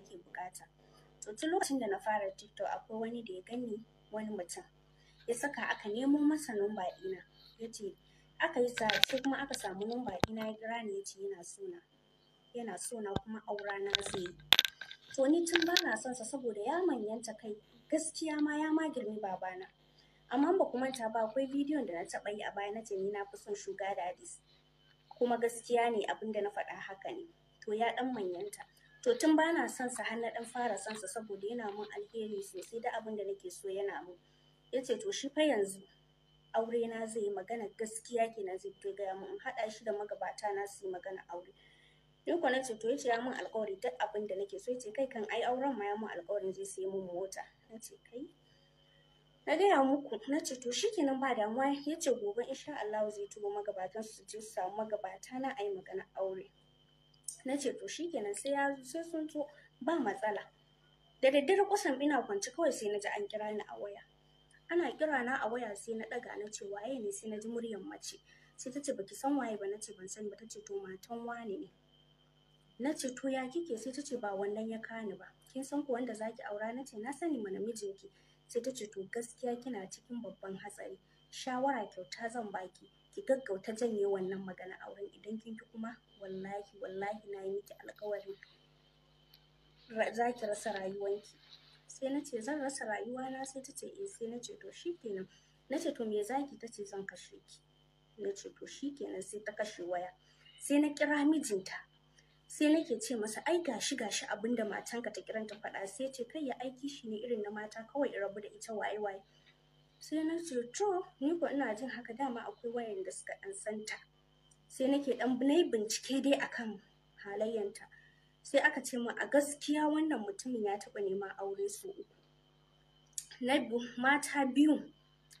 yake bukata to tun lokacin da na fara tiktok akwai wani da ya gani wani mutum ya saka aka nemo masa numba ɗina ya ce aka yi sai kuma aka samu numba ɗina ya kira ni ya ce yana sona yana sona kuma aura na zai yi to ni tun ba na son sa saboda ya manyanta kai gaskiya ma ya ma girmi babana amma ba kuma ta ba akwai bidiyon da na taɓa yi a baya na ce ni na fi son shuga da kuma gaskiya ne abin da na faɗa haka ne to ya ɗan manyanta to tun ba na son sa har na dan fara son sa saboda yana mun alheri sosai da abin da nake so yana mun yace to shi fa yanzu aure na zai yi magana gaskiya kenan zai fito gaya mun in haɗa shi da magabata na su yi magana aure ni ko nace to yace ya mun alƙawari duk abin da nake so yace kai kan ai auren ma ya mun alƙawarin zai sai mun mota nace kai na gaya muku na ce to kenan ba damuwa yace gobe insha Allah zai tuba magabatan su je su samu magabata na yi magana aure na ce to shikenan sai ya sai sun zo ba matsala da daddare kusan ina kwance kawai sai na ji an kira ni a waya ana kira na a waya sai na daga na ce waye ne sai na ji muryar mace sai ta ce baki san waye ba na ce ban sani ba ta ce to matan wane ne na ce to ya kike sai ta ce ba wannan ya kani ba kin san ku wanda zaki aura na ce na sani mana namijinki sai ta ce to gaskiya kina cikin babban hatsari shawara kyauta zan baki ki gaggauta janye wannan magana auren idan kin ki kuma wallahi wallahi na yi miki alƙawarin za ki rasa rayuwanki sai na ce zan rasa rayuwana sai ta ce eh sai na ce to shikenan na ce to me zaki ta ce zan kashe ki na ce to shikenan sai ta kashe waya sai na kira mijinta sai nake ce masa ai gashi gashi abinda matanka ta kiranta faɗa sai ce kai ya aiki shi ne irin na mata kawai rabu da ita waye waye sai na ce to ni ko ina jin haka dama akwai wayanda suka ɗan santa sai nake ɗan nayi bincike dai akan halayyanta sai aka ce min a gaskiya wannan mutumin ya taɓa nema aure su uku na mata biyu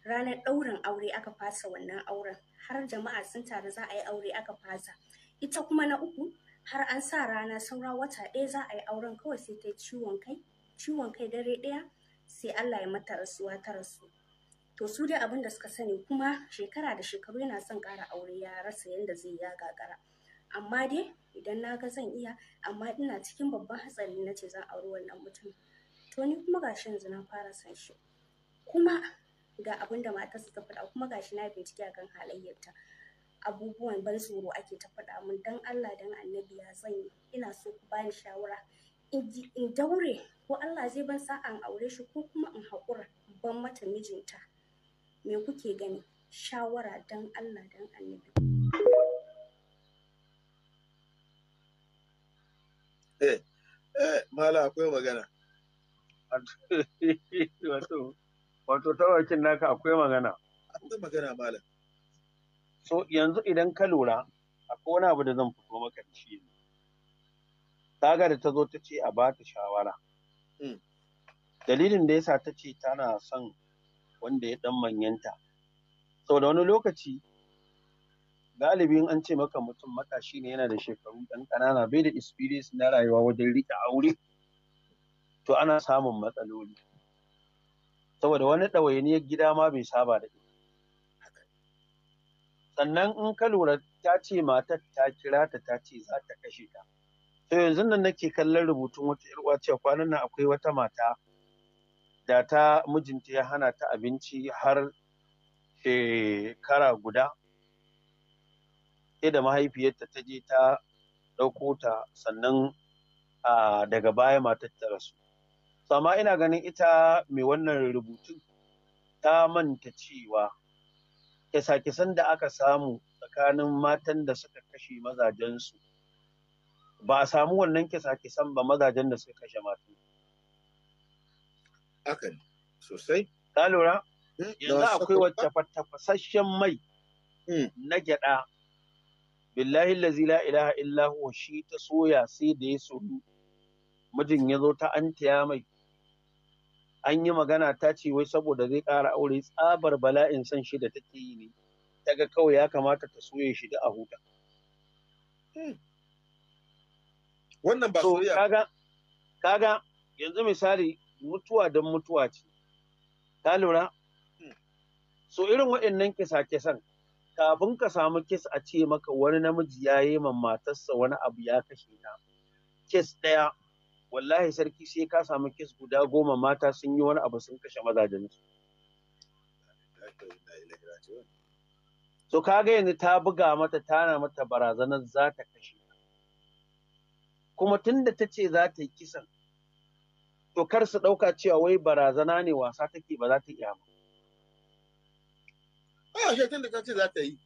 ranar ɗaurin aure aka fasa wannan auren har jama'a sun taru za a yi aure aka fasa ita kuma na uku har an sa rana saura wata ɗaya za a yi auren kawai sai ta ciwon kai ciwon kai dare ɗaya sai Allah ya mata rasuwa ta rasu to su dai abin da suka sani kuma shekara da shekaru yana son ƙara aure ya rasa yadda zai ya gagara amma dai idan na ga zan iya amma ina cikin babban hatsari na ce zan auri wannan mutum to ni kuma gashi yanzu na fara son shi kuma ga abin da suka suka faɗa kuma shi na bincike akan halayyarta abubuwan ban tsoro ake ta faɗa min dan Allah dan annabi ya zan ina so ku bani shawara in daure ko Allah zai ban sa'an aure shi ko kuma in haƙura ban mata mijinta me kuke gani shawara don allah don annabi eh eh mala akwai magana wato wato tawakin naka akwai magana akwai magana mala so yanzu idan ka lura akwai wani abu da zan fito maka da shi kaga da ta zo ta ce a ba ta shawara hmm. dalilin da yasa ta ce tana son wanda ya dan manyanta sau da wani lokaci galibin an ce maka mutum matashi ne yana da shekaru ɗan ƙanana bai da experience na rayuwa wajen riƙe aure to ana samun matsaloli saboda wani ɗawainiyar gida ma bai saba da ita sannan in ka lura ta ce matar ta kira ta ta ce za ta kashe ta to yanzu nan nake kallon rubutun wata 'yar uwa cewa kwanan nan akwai wata mata da ta mijinta ya hana ta abinci har shekara guda sai da mahaifiyarta ta je ta ɗauko ta sannan daga baya matar ta rasu amma ina ganin ita mai wannan rubutun ta manta cewa kisa-kisan da aka samu tsakanin matan da suka kashe mazajensu ba a samu wannan kisa-kisan ba mazajen da suka kashe matan Hakan sosai. Ka lura? Hmm, yanzu akwai wacce tafasasshen mai hmm. na gyaɗa. Billahi lazi la ilaha illa shi ta soya sai da ya soyu. Mijin ya zo ta an taya mai. An yi magana ta ce wai saboda zai ƙara aure tsabar bala'in san shi da take yi ne. Ta ga kawai ya kamata ta soya shi da a huta. Hmm. Wannan ba soyayya. Kaga, kaga yanzu misali mutuwa don mutuwa ce Ta lura hmm. so irin waɗannan kisa-kisan kafin ka samu kis a ce maka wani namiji ya yi ma matarsa wani abu ya kashe na kis ɗaya wallahi sarki sai ka samu kis guda goma mata sun yi wani abu sun kashe mazajen su so ka ga yanzu ta buga mata tana mata barazanar za ta kashe kuma tun da ta ce za ta yi kisan to kar su ɗauka cewa wai barazana ne wasa take ba za ta iya ba. Ah, shi tun da ka ce za ta yi,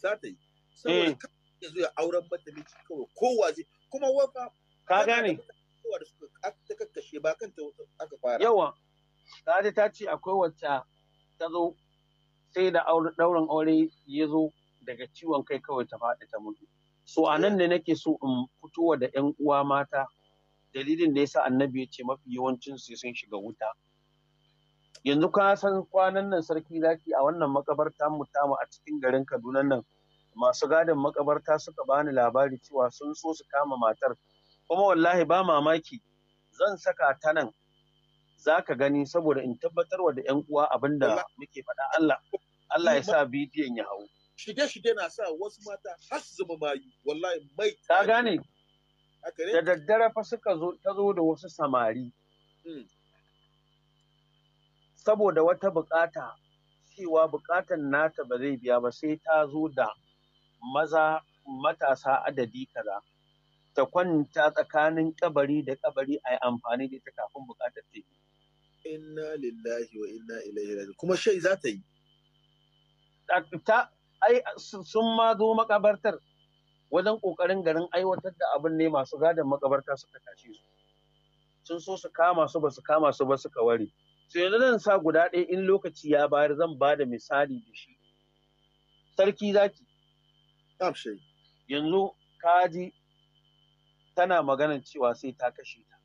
za ta yi. Saboda eh. ya zo ya auren mata ne kawai kowa zai kuma ba. Ka gane. Kowa da suka ta kakkashe ba kanta aka fara. Yawa, ta ta ce akwai wacce ta zo sai da ɗaurin aure ya zo daga ciwon kai kawai ta faɗi ta mutu. So a nan eh. ne nake so in fitowa da 'yan uwa mata dalilin da yasa annabi ya ce mafi yawancin su sun shiga wuta yanzu ka san kwanan nan sarki zaki a wannan makabarta mu tamu a cikin garin Kaduna nan masu gadin makabarta suka bani labari cewa sun so su kama matar kuma wallahi ba mamaki zan saka ta nan za ka gani saboda in tabbatar wa da yan uwa abinda muke faɗa Allah Allah ya sa bidiyon ya hau shige shige na sa wasu mata har su zama mayu wallahi mai ta gane da daddare fa suka zo ta zo da wasu samari hmm. saboda wata bukata cewa bukatan nata ba zai biya ba sai ta zo da maza matasa adadi kaza ta kwanta tsakanin kabari da kabari a yi amfani da ita kafin bukatar ta inna lillahi wa inna ilaihi raji'un kuma shai za ta yi ta ai sun ma zo makabartar wajen ƙoƙarin garin aiwatar da abin ne masu gadon makabarta suka tashe su sun so su kama su ba su kama su ba suka ware Sai yanzu zan sa guda ɗaya in lokaci ya bayar zan ba da misali da shi sarki zaki yanzu kaji tana maganar cewa sai ta kashe ta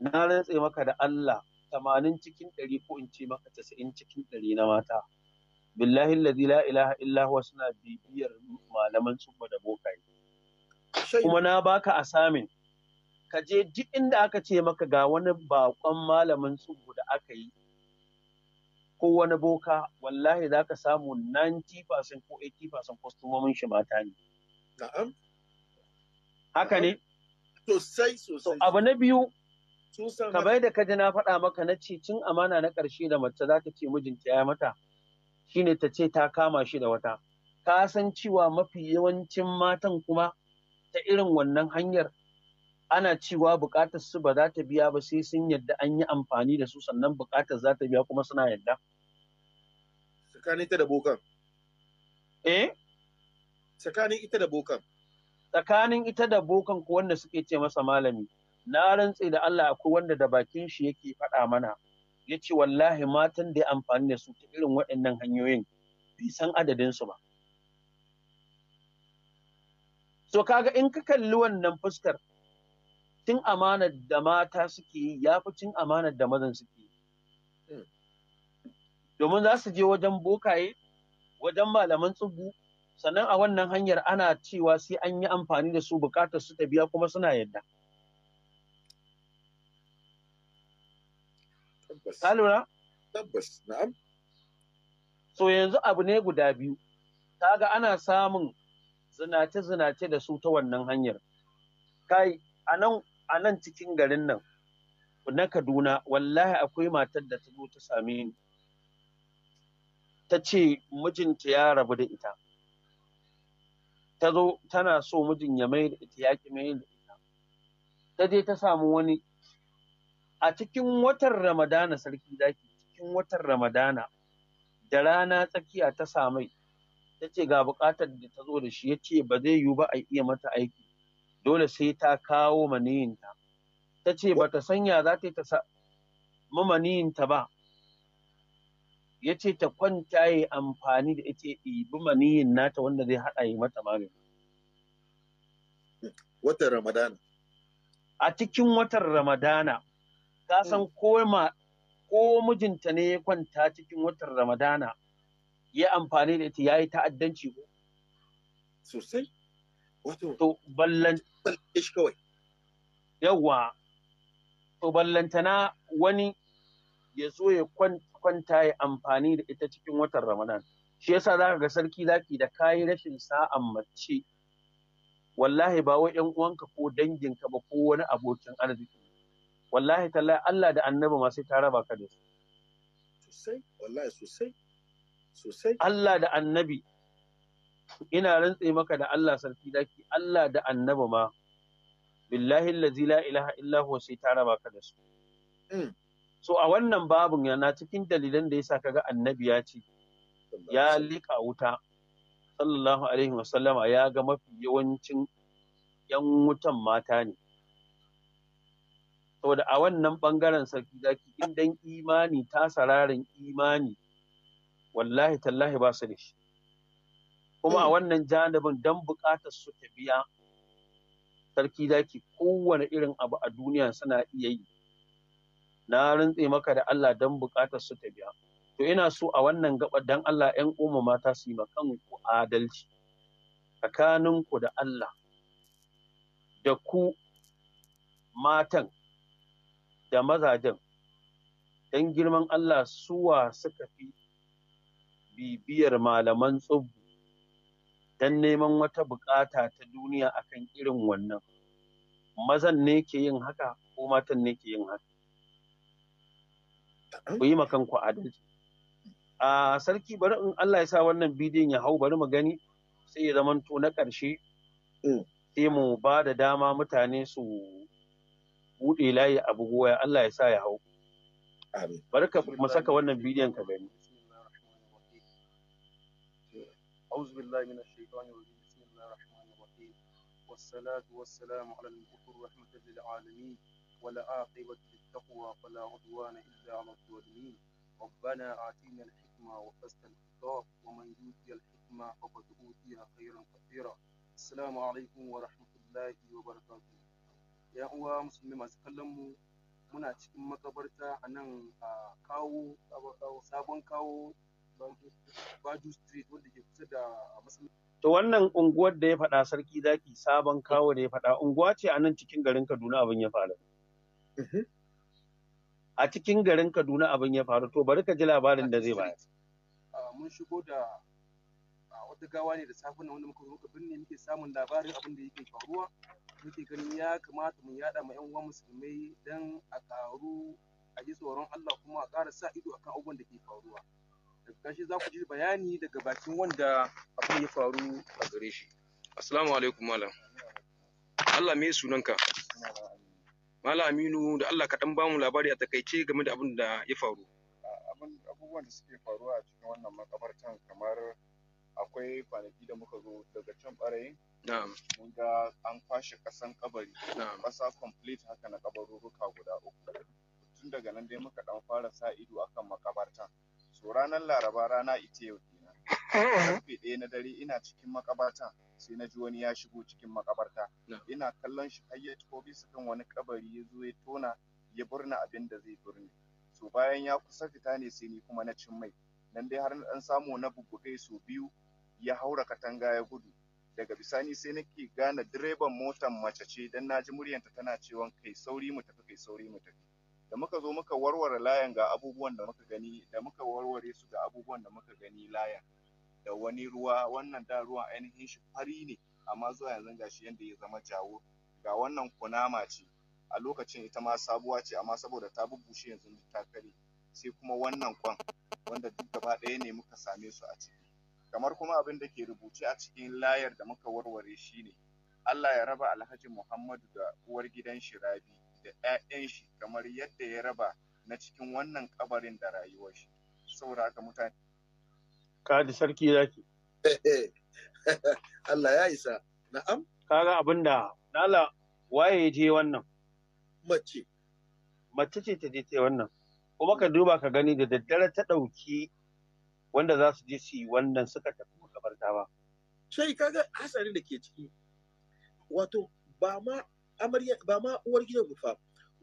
na rantse maka da Allah tamanin cikin ɗari ko in ce maka tasa'in cikin ɗari na mata billahi allazi la ilaha illa huwa suna bibiyar malaman tsubba da bokaye kuma na baka asamin ka je duk inda aka ce maka ga wani bakon malamin tsubba da aka yi ko wani boka wallahi za ka samu 90% ko 80% kwastomomin shi mata ne na'am haka ne sosai sosai abu na biyu Ka bai da kaji na faɗa maka na ce cin amana na ƙarshe da mace za ta ce mijinta ya mata shine ta ce ta kama shi da wata ka san cewa mafi yawancin matan kuma ta irin wannan hanyar ana cewa buƙatar su ba za ta biya ba sai sun yadda an yi amfani da su sannan buƙatar za ta biya kuma suna yadda tsakanin ita da bokan eh tsakanin ita da bokan tsakanin wanda suke ce masa malami na rantse da Allah akwai wanda da bakin shi yake faɗa mana ya ce wallahi matan da ya amfani da su ta irin waɗannan hanyoyin bai san adadin su ba. So kaga in ka kalli wannan fuskar cin amanar da mata suke yi ya fi cin amanar da mazan suke yi. Domin za su je wajen bokaye, wajen malaman tsubu, sannan a wannan hanyar ana cewa sai an yi amfani da su bukatar su ta biya kuma suna yadda. tabbas ka lura tabbas na'am so yanzu abu ne guda biyu kaga ana samun zinace zinace da su ta wannan hanyar kai anan anan cikin garin nan na Kaduna wallahi akwai matar da ta zo ta same ni ta ce mijinta ya rabu da ita ta zo tana so mijin ya mai da ita ya ki mai da ita ta je ta samu wani a cikin watan ramadana sarki zaki cikin watan ramadana da rana tsakiya ta samai ta ce ga buƙatar da ta zo da shi ya ce ba zai yiwu ba a iya mata aiki dole sai ta kawo maniyinta ta ce ba ta sanya za ta yi ta mu maniyinta ba ya ce ta kwanta ya amfani da ita ibi maniyin nata wanda zai haɗa yi mata magani. Watan Ramadana. A cikin watan Ramadana ka mm. san ko ko mijinta ne ya kwanta cikin watan ramadana ya amfani da ita ya yi ta'addanci ko sosai wato to to ballantana wani ya zo ya kwanta ya amfani da ita cikin watan ramadan shi yasa za ka ga sarki zaki da kayi rashin sa'an mace wallahi ba wa yan uwanka ko danginka ba ko wani abokin arziki wallahi tallahi Allah da annabi ma sai ta raba ka da su sosai wallahi sosai sosai Allah da annabi ina rantse maka da Allah sarki daki Allah da annabi ma billahi allazi la ilaha illahu sai ta raba ka da su mm. so a wannan babun yana cikin dalilan da ya sa ka ga annabi ya ce ya liƙa wuta sallallahu alaihi wasallama ya ga mafi yawancin yan wutan mata ne saboda a wannan bangaren sarki zaki in dan imani ta sararin imani wallahi tallahi ba su da shi kuma a hmm. wannan janibin dan buƙatar su ta biya sarki zaki kowane irin abu a duniya suna iya yi na rintse maka da Allah dan bukatar su ta biya to ina so a wannan gaba dan Allah 'yan umma mata su yi ku adalci tsakanin ku da Allah da ku matan da mazajen ɗan girman Allah suwa suka fi bibiyar malaman tsubbu don neman wata bukata ta duniya akan irin wannan mazan ne ke yin haka ko matan ne ke yin haka ku yi makanku adalci a sarki bari in Allah ya sa wannan bidiyon ya hau bari mu gani sai ya zamanto na ƙarshe mm. sai mu ba da dama mutane su buɗe layi abu goya Allah ya sa ya hau. Barka mu saka wannan bidiyon ka gani. أعوذ بالله من الشيطان الرجيم بسم الله الرحمن الرحيم والصلاة والسلام على المبعوث رحمة للعالمين والعاقبة للتقوى فلا عدوان إلا على الظالمين ربنا آتنا الحكمة وفصل الخطاب ومن يؤتي الحكمة فقد أوتي خيرا كثيرا السلام عليكم ورحمة الله وبركاته yan uwa musulmi masu kallon mu muna cikin makabarta a nan a kawo sabon kawo baju street wanda ke kusa da to wannan unguwar da ya faɗa sarki zaki sabon kawo da ya faɗa unguwa ce a nan cikin garin kaduna abin ya faru mm-hmm. a cikin garin kaduna abin ya faru to bari ka ji labarin da zai bayar mun shigo da gawa ne da safin wanda muka binne muke samun labarin abin da yake faruwa muke ganin ya kamata mu yada ma yan uwa musulmai dan a karu a ji tsoron Allah kuma a ƙara sa ido akan abubuwan da ke faruwa daga ƙarshe za ku ji bayani daga bakin wanda abin ya faru a gare shi assalamu alaikum malam Allah me sunanka Malam Aminu da Allah ka dan bamu labari a takaice game da abin da ya faru abubuwan da suke faruwa a cikin wannan makabartan kamar akwai kwanaki da muka zo daga can barayin mun ga an kwashe ƙasan kabari Ƙasa complete haka na kabaruruka guda uku tun daga nan dai muka ɗan fara sa ido akan makabartan so ranar laraba rana ita yau kenan karfe ɗaya na dare ina cikin makabartan sai na ji wani ya shigo cikin makabarta ina kallon shi har ya tafi bisa kan wani kabari ya zo ya tona ya burna abin da zai burne so bayan ya kusa fita ne sai ni kuma na cin mai nan dai har na dan samu na bubbugai so biyu ya haura katanga ya gudu daga bisani sai nake gane direban motar mace ce dan naji muryanta tana cewa kai sauri mu tafi kai sauri mu tafi da muka zo muka warware layan ga abubuwan da muka gani da muka warware su ga abubuwan da muka gani layan da wani ruwa wannan da ruwan ainihin shi fari ne amma zuwa yanzu ga shi yanda ya zama jawo ga wannan kunama ce a lokacin ita ma sabuwa ce amma saboda ta bubbushe yanzu ta kare sai kuma wannan kwan wanda duk gaba ɗaya ne muka same su a ciki kamar kuma abin da ke rubuce a cikin layar da muka warware shi ne Allah ya raba Alhaji Muhammadu da uwar gidan shi Rabi da 'ya'yan shi kamar yadda ya raba na cikin wannan kabarin da rayuwar shi saboda haka mutane kaji sarki zaki Allah ya isa na'am kaga abinda Allah waye ya je wannan mace mace ce ta je ce wannan kuma ka duba ka gani da daddare ta ɗauki wanda za su je su yi wannan suka tafi makabarta ba. Sai kaga hasarin da ke ciki wato ba ma amarya ba ma uwar gidan fa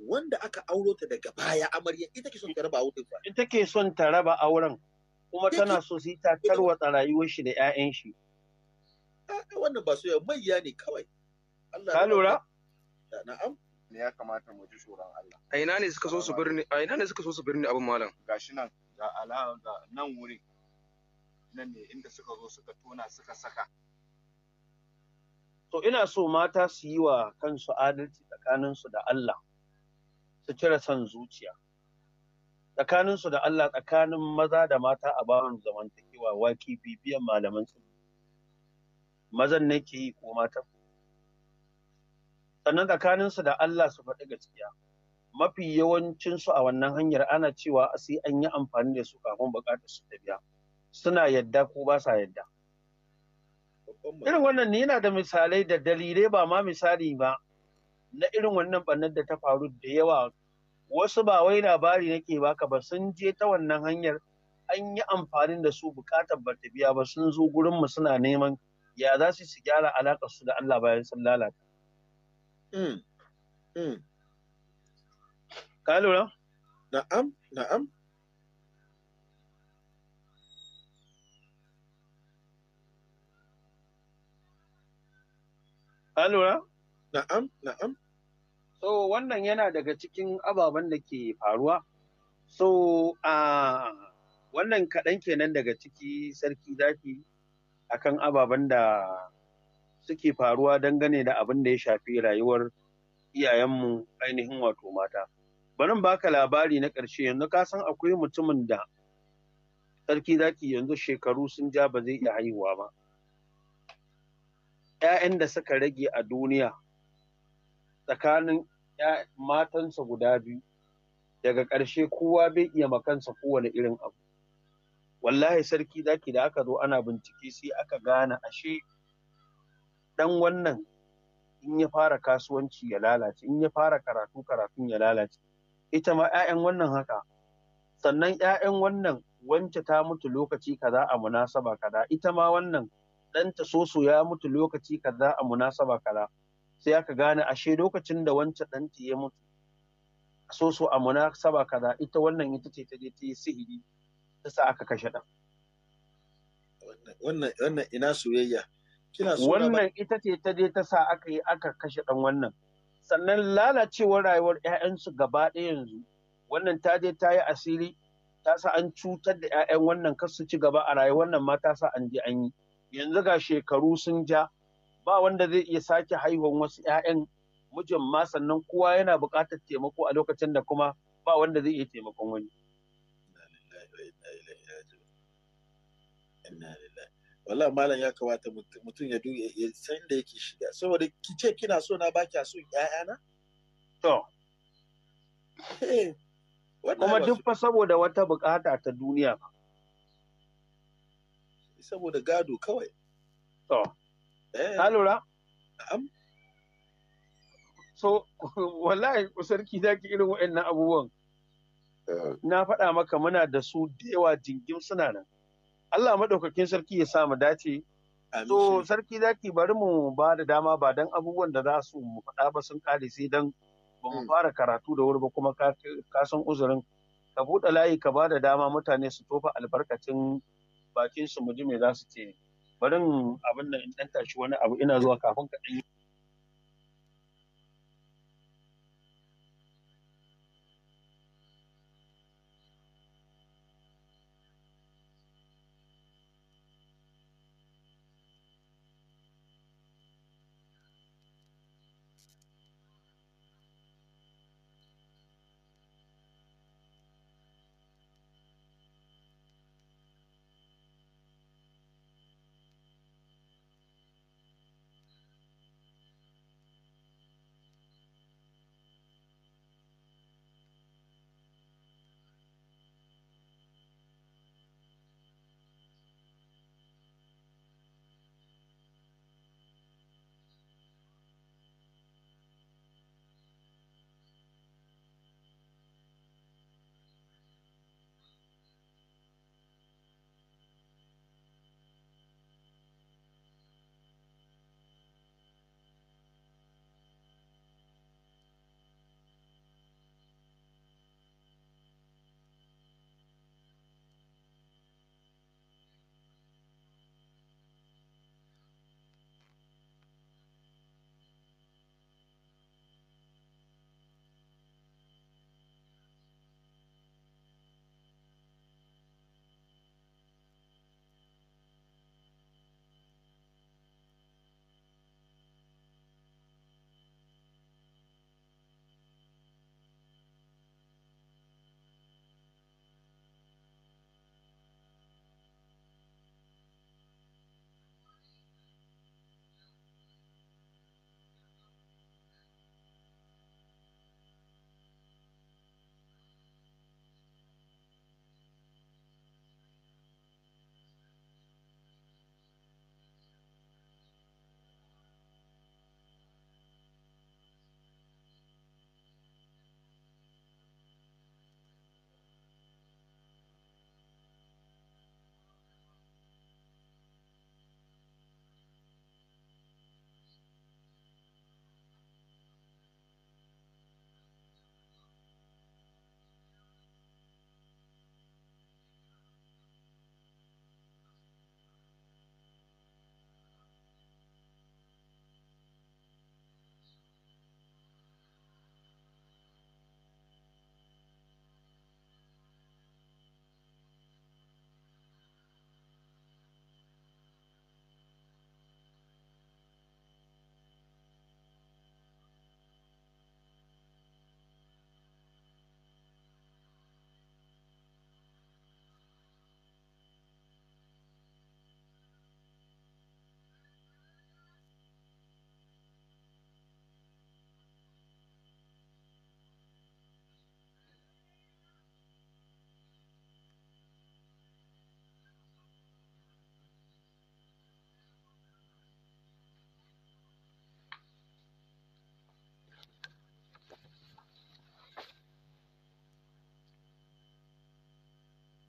wanda aka auro ta daga baya amarya ita ke son ta raba auren ba. Ita ke son ta raba auren kuma tana so su yi ta tarwatsa rayuwar shi da 'ya'yan shi. Wannan ba soyayya mayya ne kawai. Ka lura? Na'am. ne ya kamata mu ji tsoron Allah. A ina ne suka so su birni a ina ne suka so su birni abin malam? Gashi nan ga ala ga nan wurin nan ne inda suka zo suka tona suka saka to ina so mata su yi wa kansu adalci tsakaninsu da Allah su cire son zuciya tsakaninsu da Allah tsakanin maza da mata a bawan zamantakewa waki bibiyan malaman su mazan ne ke yi ko mata sannan tsakaninsu da Allah su faɗi gaskiya mafi yawancinsu a wannan hanyar ana cewa sai an yi amfani da su kafin buƙatar su ta biya suna yadda ko ba sa yadda irin wannan ne yana da misalai da dalilai ba ma misali ba na irin wannan bannan da ta faru da yawa wasu ba wai labari nake baka ba sun je ta wannan hanyar an yi amfani da su bukatar ba ta biya ba sun zo gurin mu suna neman ya za su su gyara alaƙar su da Allah bayan sun lalata. Mm, mm. Ka lura? Na'am, na'am. An lura? Na'am, na'am. So wannan yana daga cikin ababen da ke faruwa. So a wannan kaɗan kenan daga ciki sarki zafi akan ababen da suke faruwa dangane da abin da ya shafi rayuwar iyayenmu ainihin wato mata. Barin baka labari na ƙarshe yanzu ka san akwai mutumin da sarki zaki yanzu shekaru sun ja ba zai iya haihuwa ba. 'ya'yan da suka rage a duniya tsakanin matansa guda biyu daga ƙarshe kowa bai iya makansa kowane irin abu wallahi sarki zaki da aka zo ana bincike sai aka gane ashe Ɗan wannan in ya fara kasuwanci ya lalace in ya fara karatu karatun ya lalace ita ma 'ya'yan wannan haka sannan 'ya'yan wannan wance ta mutu lokaci kaza a munasaba kaza ita ma wannan ɗanta soso ya mutu lokaci kaza a munasaba kaza sai aka gane ashe lokacin da wancan ɗanta ya mutu soso a munasaba kaza ita wannan ita ce ta je ta yi sihiri ta sa aka kashe ɗan. Wannan wannan ina soyayya. Wannan ita ce ta je ta sa aka yi aka kashe ɗan wannan. Sannan lalacewar rayuwar 'ya'yansu gaba ɗaya yanzu wannan ta je ta yi asiri ta sa an cutar da 'ya'yan wannan kar su ci gaba a rayuwar nan ma ta sa an je an yi yanzu ga shekaru sun ja ba wanda zai iya sake haihuwan wasu 'ya'yan mijin ma sannan kowa yana buƙatar taimako a lokacin da kuma ba wanda zai iya taimakon wani. Wallah malam ya kamata mutum ya duba ya san da yake shiga saboda ki ce kina so na baki so ƴaƴana? To. Eh. Kuma duk fa saboda wata buƙata ta duniya ba. saboda gado kawai to ta eh. lura so wallahi sarki zaki irin waɗannan abubuwan eh. na faɗa maka muna da su da yawa jingim suna nan Allah maɗaukakin sarki ya samu dace so sarki zaki bari mu ba da dama ba don abubuwan da za su mu faɗa ba sun ƙare sai don ba mu hmm. fara karatu da wuri ba kuma kasan san uzurin ka buɗe layi ka ba da dama mutane su tofa albarkacin bakin su mu ji me za su ce bari abin nan in ɗan tashi wani abu ina zuwa kafin ka yi